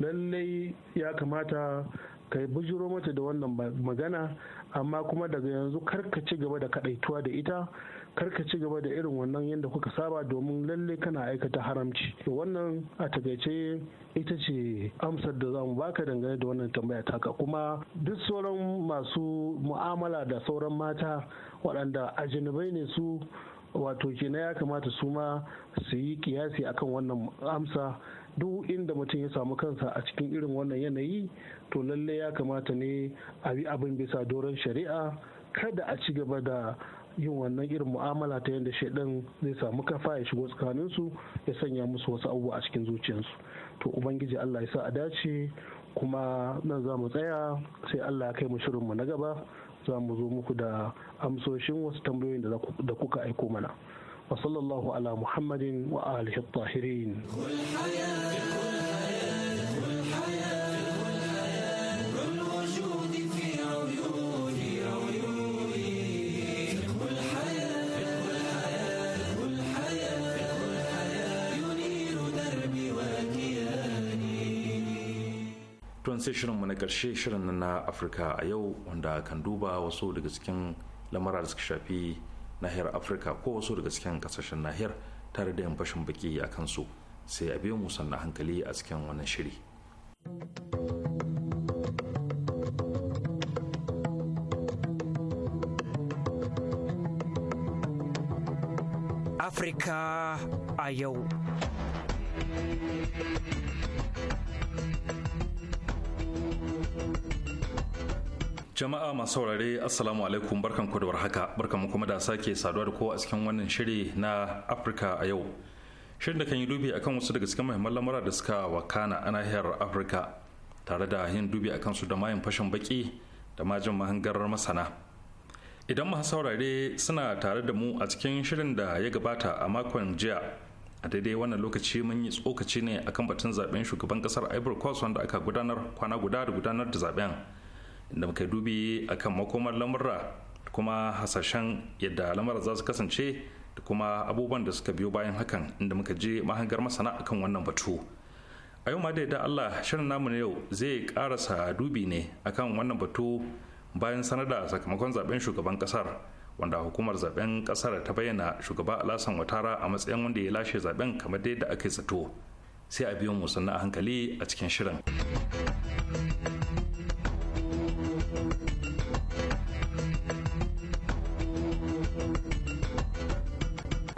lallai ya kamata ka bujiro mata da wannan magana amma kuma daga yanzu kar ka ci gaba da kadaituwa da ita karka ci gaba da irin wannan yadda kuka saba domin lalle kana aikata haramci wannan a takaice ita ce amsar da zamu baka dangane da wannan tambaya taka kuma duk sauran masu mu'amala da sauran mata waɗanda ajinabai ne su wato kenan ya kamata su ma su yi kiyasi akan wannan amsa duk inda mutum ya samu kansa a cikin irin wannan yanayi to lalle ya kamata ne a bi abin bisa doron shari'a kada a ci gaba da yin wannan irin mu'amala ta yadda shaidan zai samu kafa ya shigo tsakaninsu ya sanya musu wasu abubuwa a cikin zuciyarsu to ubangiji allah ya sa a dace kuma nan za mu tsaya sai allah ya kai mu shirinmu na gaba za mu zo muku da amsoshin wasu tambayoyin da kuka aiko mana wa sallallahu ala muhammadin wa alihi tahirin sai shirinmu na ƙarshe shirin na afirka a yau wanda kan duba wasu daga cikin lamura da suka shafi nahiyar afirka ko wasu daga cikin kasashen nahiyar tare da yan fashin baki a kansu sai a biyo mu sannan hankali a cikin wannan shiri. Afirka a yau. Jama'a masu saurare Assalamu alaikum barkan ku da warhaka barkan mu kuma da sake saduwa da kowa a cikin wannan shiri na Afirka a yau. Shirin da kan yi dubi akan wasu daga cikin muhimman lamura da suka wakana a nahiyar Afirka tare da yin dubi akan su da mayin fashin baki da majin mahangar masana. Idan masu saurare suna tare da mu a cikin shirin da ya gabata a makon jiya a daidai wannan lokaci mun yi tsokaci ne akan batun zaben shugaban kasar Ivory Coast wanda aka gudanar kwana guda da gudanar da zaben. da muka dubi a kan makomar lamurra kuma hasashen yadda lamura za su kasance da kuma abubuwan da suka biyo bayan hakan inda muka je mahangar masana akan wannan batu a yau ma da yadda allah shirin namu na yau zai karasa dubi ne akan wannan batu bayan sanar da sakamakon zaben shugaban kasar wanda hukumar zaben kasar ta bayyana shugaba alasan watara a matsayin wanda ya lashe zaben kamar dai da aka yi zato sai a biyo mu sannan a hankali a cikin shirin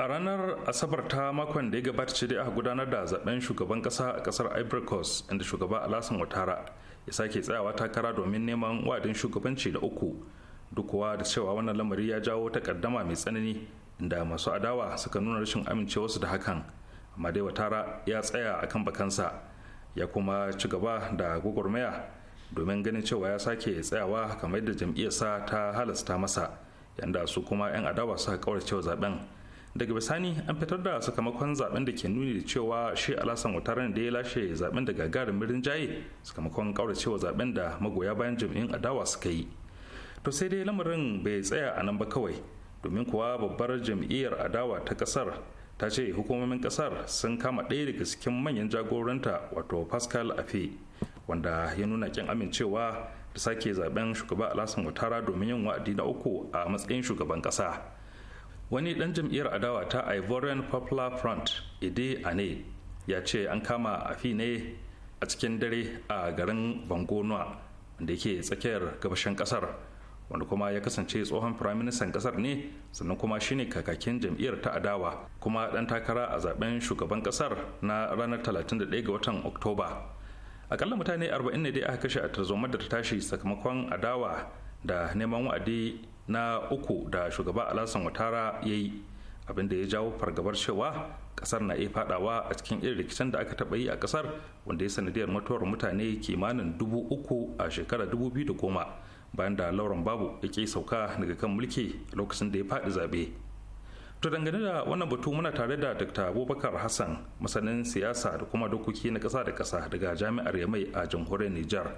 ranar asabar ta makon da ya gabata ce dai aka gudanar da zaben shugaban kasa a kasar ivory coast inda shugaba alasan watara ya sake tsayawa takara domin neman wa'adin shugabanci da uku duk da cewa wannan lamari ya jawo takaddama mai tsanani inda masu adawa suka nuna rashin amincewarsu da hakan amma dai watara ya tsaya a kan bakansa ya kuma ci gaba da gwagwarmaya domin ganin cewa ya sake tsayawa kamar yadda jam'iyyarsa ta halasta masa yanda su kuma 'yan adawa suka cewa zaben daga bisani an fitar da sakamakon zaben da ke nuni da cewa shi alasan wataran da ya lashe zaben da gagarin gagarumin rinjaye sakamakon kauracewa zaben da magoya bayan jam'in adawa suka yi to sai dai lamarin bai tsaya a nan ba kawai domin kuwa babbar jam'iyyar adawa ta kasar ta ce hukumomin kasar sun kama ɗaya daga cikin manyan jagoranta wato pascal afe wanda ya nuna kin amincewa da sake zaben shugaba alasan watara domin yin wa'adi na uku a matsayin shugaban kasa wani dan jam'iyyar adawa ta ivorian popular front ide ane ya ce an kama fi ne a cikin dare a garin bangonua wanda yake tsakiyar gabashin kasar wanda kuma ya kasance tsohon firaministan kasar ne sannan kuma shine kakakin jam'iyyar ta adawa kuma dan takara a zaben shugaban kasar na ranar 31 ga watan oktoba akalla mutane 40 ne dai aka kashe a tarzoma da ta tashi sakamakon adawa da neman wa'adi na uku da shugaba alasan watara ya yi abin da ya jawo fargabar cewa kasar na iya fadawa a cikin irin rikicin da aka taɓa yi a kasar wanda ya sanadiyar mutuwar mutane kimanin dubu uku a shekarar dubu biyu da goma bayan da lauren babu ya ke sauka daga kan mulki lokacin da ya faɗi zabe to dangane da wannan batu muna tare da dr abubakar hassan masanin siyasa da kuma dokoki na kasa da kasa daga jami'ar yamai a jamhuriyar nijar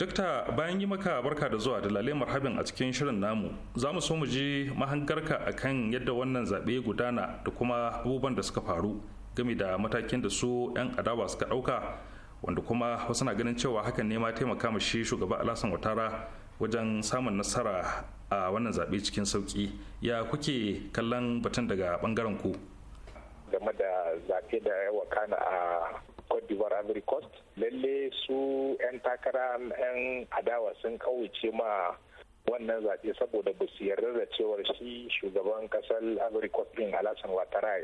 dokta bayan yi maka barka da zuwa da lalemar marhabin a cikin shirin namu za mu so mu ji mahangarka a kan yadda wannan zaɓe gudana da kuma abubuwan da suka faru game da matakin da su 'yan adawa suka ɗauka wanda kuma wasu na ganin cewa hakan ne ma taimaka ma shi shugaba alasan watara wajen samun nasara a wannan zaɓe cikin sauƙi ya kuke kallon batun daga ɓangaren ku game da zaɓe da ya wakana a cote d'ivoire ivory coast lalle su 'yan takara 'yan adawa sun kawuce ma wannan zaɓe saboda ba su yarda da cewar shi shugaban kasar ivory coast din Alassane watara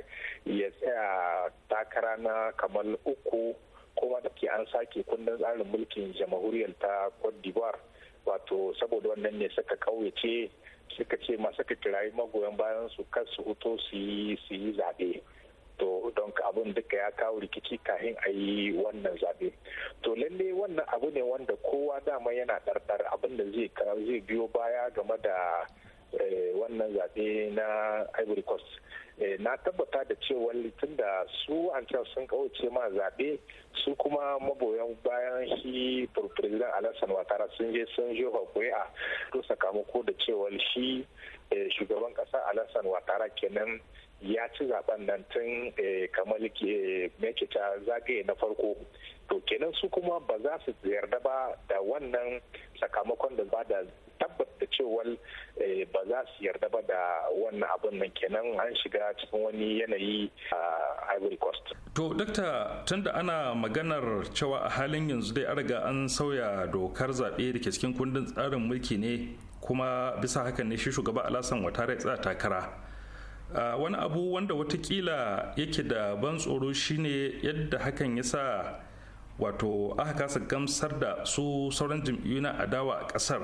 ya tsaya takara na kamar uku kuma da ke an sake kundin tsarin mulkin jamhuriyar ta cote d'ivoire wato saboda wannan ne suka kauyace suka ce masu kirayi magoyan bayan su kar su huto su yi zaɓe to don abun duka ya kawo rikici kafin a yi wannan zabe to lalle wannan abu ne wanda kowa dama yana ɗarɗar abin da zai biyo baya game da eh, wannan zaɓe na ivory coast eh, na tabbata da cewa tun da su an sun kawace ma zaɓe su kuma maboyan bayan shi president alasan watara sun je sun je a to sakamako da cewa shi eh, shugaban ƙasa alasan watara kenan ya ci zaben nan tun eh, kamar eh, ta zagaye na farko to kenan su kuma ba za su yarda ba da wannan sakamakon da ba da tabbata cewar eh, ba za su yarda ba da wannan abin nan kenan an shiga cikin wani yanayi a ivory coast to dokta tunda ana maganar cewa a halin yanzu dai an riga an sauya dokar zaɓe da ke cikin kundin tsarin mulki ne kuma bisa hakan ne shi shugaba alasan watare tsaya takara wani abu wanda watakila yake da ban tsoro shine yadda hakan ya sa wato aka kasa gamsar da su sauran jam'iyyu na adawa a kasar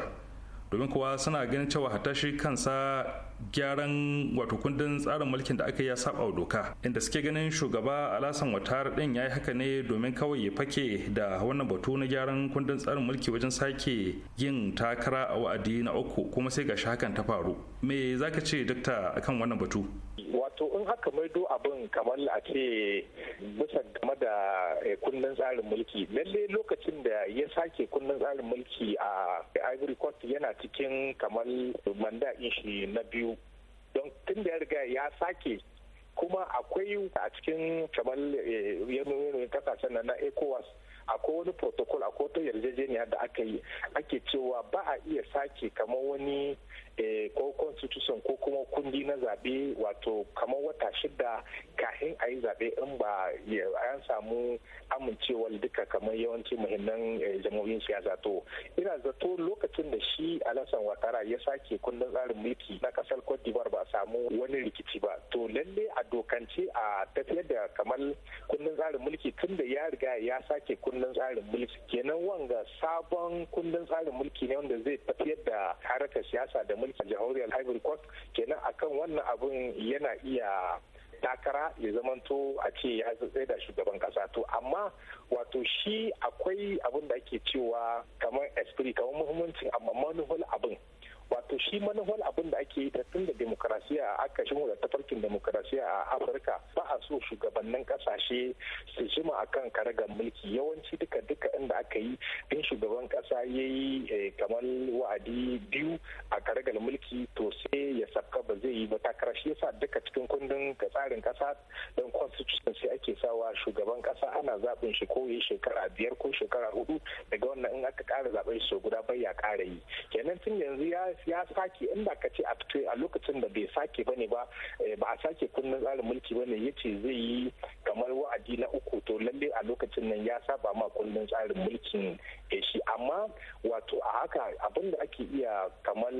domin kuwa suna ganin cewa hatashi kansa gyaran wato kundin tsarin mulkin da aka yi ya saba doka inda suke ganin shugaba alasan watar din ya yi haka ne domin kawai ya fake da wannan batu na gyaran kundin tsarin mulki wajen sake yin takara a wa'adi na uku kuma sai ga hakan ta faru me zaka ce dakta akan wannan batu wato in haka maido abin kamar a ce bisa game da eh, kundin tsarin mulki lalle lokacin da ya sake kundin tsarin mulki a ivory coast yana cikin kamar manda shi na biyu don tun da ya riga ya sake kuma akwai a cikin kamar eh, yanayin kasashen na ecowas akwai wani protocol akwai wata yarjejeniya da aka yi ake cewa ba a iya sake kamar wani Eh, ko constitution ko kuma kundi na zaɓe wato kamar wata shida kafin a yi zaɓe in ba an samu amincewar duka kamar yawancin muhimman eh, jamhuriyar siyasa to ina zato lokacin da shi alasan watara ya sake kundin tsarin mulki na kasar cote d'ivoire ba samu wani rikici ba to lalle a dokance a tafiyar da kamar kundin tsarin mulki tun da ya riga ya sake kundin tsarin mulki kenan wanga sabon kundin tsarin mulki ne wanda zai tafiyar da harkar siyasa da mulkin jamhuriyar ivory coast kenan akan wannan abun yana iya takara ya zamanto a ce ya da shugaban kasa to amma wato shi akwai abin da ake cewa kamar esprit kamar muhimmancin amma manufar abin wato shi manufar abin da ake yi ta tun da demokarasiya a aka wadda ta tafarkin demokarasiya a afirka ba a so shugabannin kasashe su jima a kan karagar mulki yawanci duka duka inda aka yi din shugaban kasa ya yi eh, kamar wa'adi biyu a karagar mulki to sai ya sabka ba zai yi ba Takarar shi yasa duka cikin kundin ga tsarin kasa don constitution sai ake sawa shugaban kasa ana zaɓin shi ko ya shekara biyar ko shekara hudu daga wannan in aka ƙara zaɓen shi guda bai ya ƙara yi kenan tun yanzu ya ya sake in ba ka ce a fito a lokacin da bai sake bane ba eh, ba a sake kunnen tsarin mulki bane ya ce zai yi kamar wa'adi na uku to lalle a lokacin nan ya saba ma kunnen tsarin mulkin shi amma wato a haka abin da ake iya kamar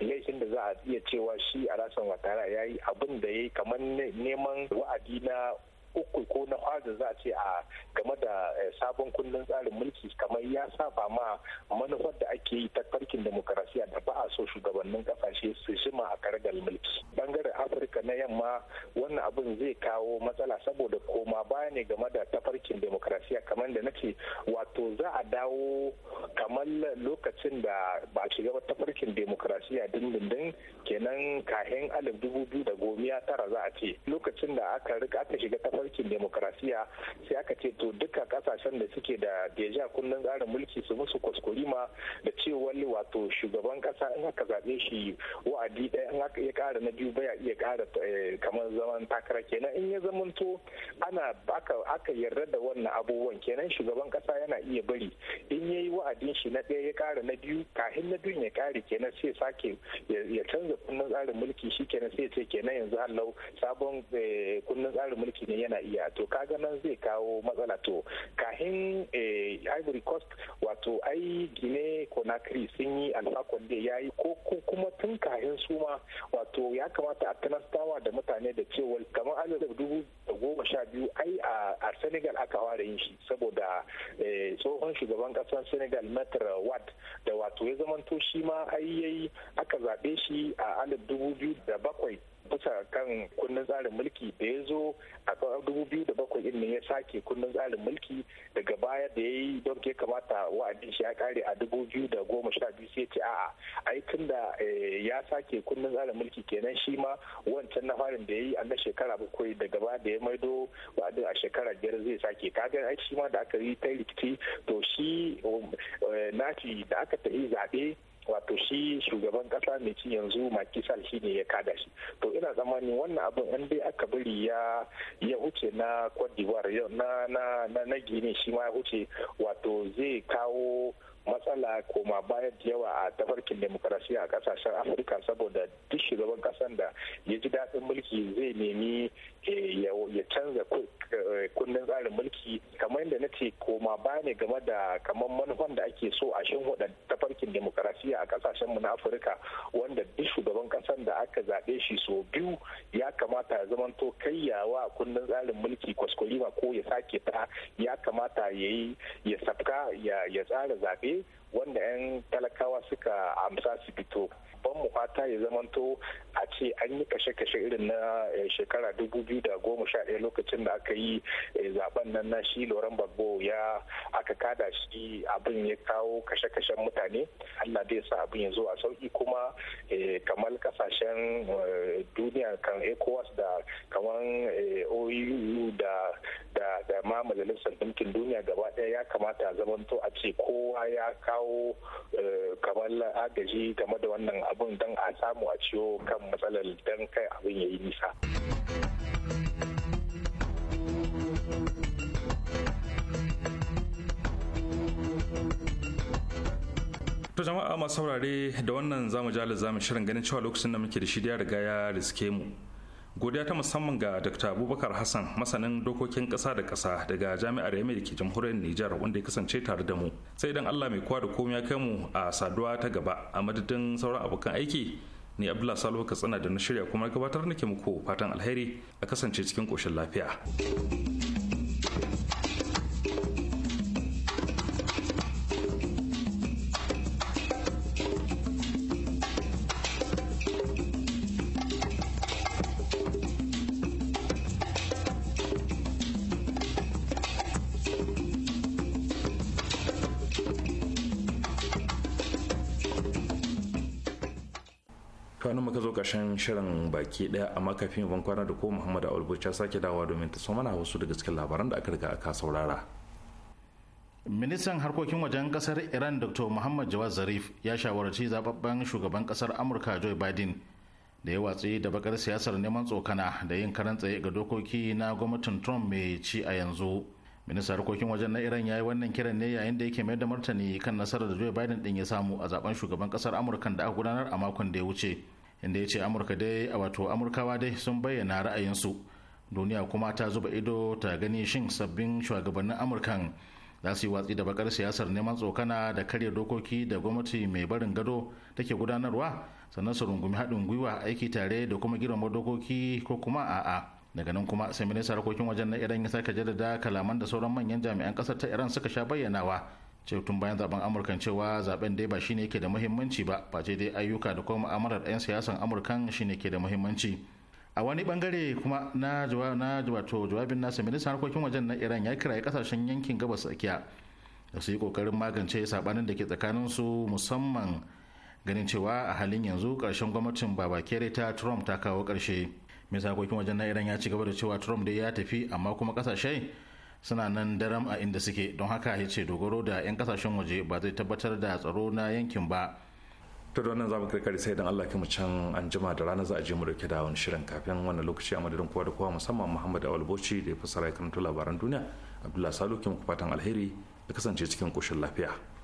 laifin da za a iya cewa shi a rasan watara ya yi abin da ya yi kamar neman wa'adi na uku ko na fadin za a ce a game da eh, sabon kundin tsarin mulki kamar ya saba ma manufar da ake yi ta farkin demokarasiya da ba a so shugabannin kasashe su shima a karagar mulki bangaren afirka na yamma wannan abin zai kawo matsala saboda koma baya ne game da tafarkin demokarasiya kamar da nake wato za a dawo kamar lokacin da ba a shiga tafarkin demokarasiya dindindin kenan kahin alif dubu biyu da gomiya tara za a ce lokacin da aka rika aka shiga tafarkin tafarkin demokrasiya sai aka ce to duka kasashen da suke da deja kundin tsarin mulki su musu kuskurima da cewa wato shugaban kasa in aka zaɓe shi wa'adi ɗaya in aka iya ƙara na biyu baya iya ƙara eh, kamar zaman takara kenan in ya zamanto ana baka aka yarda da wannan abubuwan kenan shugaban kasa yana iya bari in ya yi wa'adin shi na ɗaya ya ƙara na biyu kafin na biyun ya ƙare kenan sai sake ya canza kundin tsarin mulki shi kenan sai ce kenan yanzu allau sabon eh, kundin tsarin mulki ne yana iya to kaga nan zai kawo matsala to kahin eh, ivory coast wato ai gine conakry sun yi alfakon da ya yi ko kuma tun kahin su ma wato ya kamata a tanastawa da mutane da cewa kamar alif dubu da goma sha biyu ai a senegal aka ware yin shi saboda eh, tsohon shugaban kasar senegal metar wad da wato ya zamanto shi ma ai yayi aka zaɓe shi a alif dubu biyu da bakwai bisa kan kundin tsarin mulki da ya zo a dubu biyu da bakwai in ne ya sake kundin tsarin mulki daga baya da ya yi don ke kamata wa'adin shi ya kare a dubu biyu da goma sha biyu sai ce a'a aikin da eh, ya sake kundin tsarin mulki kenan shi ma wancan na farin da ya yi an na shekara bakwai daga baya da ya maido wa'adin a shekara biyar zai sake kaga ai shi ma da aka yi ta rikici to shi um, eh, naci da aka yi zaɓe wato shi shugaban kasa mai ci yanzu makisal shi ne ya kada shi to ina tsammani wannan abin an dai aka bari ya ya huce na cote d'ivoire na na na gini shi ma ya huce wato zai kawo matsala koma baya da yawa a tafarkin demokarasiya a kasashen afirka saboda duk shugaban kasan da ya ji daɗin mulki zai nemi eh, ya canza eh, kundin tsarin mulki kamar yadda na ce koma baya ne game da kamar manufan da ake so a shinhuɗa tafarkin demokarasiya a kasashen mu na afirka wanda duk shugaban kasan da aka zaɓe shi so biyu ya kamata ya zamanto kayyawa kundin tsarin mulki kwaskwarima ko ya sake ta ya kamata ya yi ya sabka ya tsara zaɓe wanda 'yan talakawa suka amsa su fito babban mu fata ya zamanto a ce an yi kashe-kashe irin na eh, shekara ɗaya lokacin da aka yi eh, zaben nan na shi loren babbo ya aka kada shi abin ya kawo kashe-kashen mutane allah dai sa abin ya zo a sauki kuma eh, kamar kasashen duniya kan ecowas da kamar oeu da ma majalisar ɗinkin duniya gaba ɗaya ya kamata zamanto a ce kowa ya kawo eh, kamar agaji game da wannan abun don a samu a ciwo kan matsalar don kai abin ya yi nisa. To jama'a masu saurare da wannan zamu ji zamu shirin ganin cewa lokacin da muke da shi ya riga ya riske mu. godiya ta musamman ga dr abubakar hassan masanin dokokin kasa da kasa daga jami'ar yamma da ke jamhuriyar nijar wanda ya kasance tare da mu sai idan allah mai kowa da komai ya kai mu a saduwa ta gaba a madadin sauran abokan aiki ni abdullahi ka katsina da na shirya kuma gabatar nake muku fatan alheri a kasance cikin koshin lafiya ƙarshen shirin baki daya a makafin ban kwana da ko muhammad albucha sake dawa domin ta mana wasu daga cikin labaran da aka riga aka saurara ministan harkokin wajen kasar iran dr muhammad jawad zarif ya shawarci zababben shugaban kasar amurka joe biden da ya watsi da bakar siyasar neman tsokana da yin karan tsaye ga dokoki na gwamnatin trump mai ci a yanzu ministan harkokin wajen na iran ya yi wannan kiran ne yayin da yake mai da martani kan nasarar da joe biden din ya samu a zaben shugaban kasar amurka da aka gudanar a makon da ya wuce inda ya ce amurka dai a wato amurkawa dai sun bayyana ra'ayinsu duniya kuma ta zuba ido ta gani shin sabbin shugabannin amurkan za su yi watsi da bakar siyasar neman tsokana da karya dokoki da gwamnati mai barin gado take gudanarwa sannan su rungumi haɗin gwiwa aiki tare da kuma girma dokoki ko kuma a'a daga nan kuma sai ministan harkokin wajen na iran ya sake jaddada kalaman da sauran manyan jami'an ƙasar ta iran suka sha bayyanawa ce tun bayan zaben amurkan cewa zaben dai ba shine yake da muhimmanci ba face dai ayyuka da kuma mu'amalar 'yan siyasan amurkan shine ke da muhimmanci a wani bangare kuma na wato jawabin nasa ministan harkokin wajen na iran ya kiraye kasashen yankin gabas tsakiya da su yi kokarin magance sabanin da ke tsakanin su musamman ganin cewa a halin yanzu karshen gwamnatin kere ta trump ta kawo karshe mai harkokin wajen na iran ya ci gaba da cewa trump dai ya tafi amma kuma kasashen suna nan daram a inda suke don haka ya ce dogaro da 'yan kasashen waje ba zai tabbatar da tsaro na yankin ba to da wannan zamu kirkari sai dan Allah mu can an jima da rana za a je mu dauke da wani shirin kafin wannan lokaci a madadin kowa da kowa musamman Muhammad Awal Bochi da ya fassara karanto labaran duniya Abdullahi Salu ke fatan alheri da kasance cikin koshin lafiya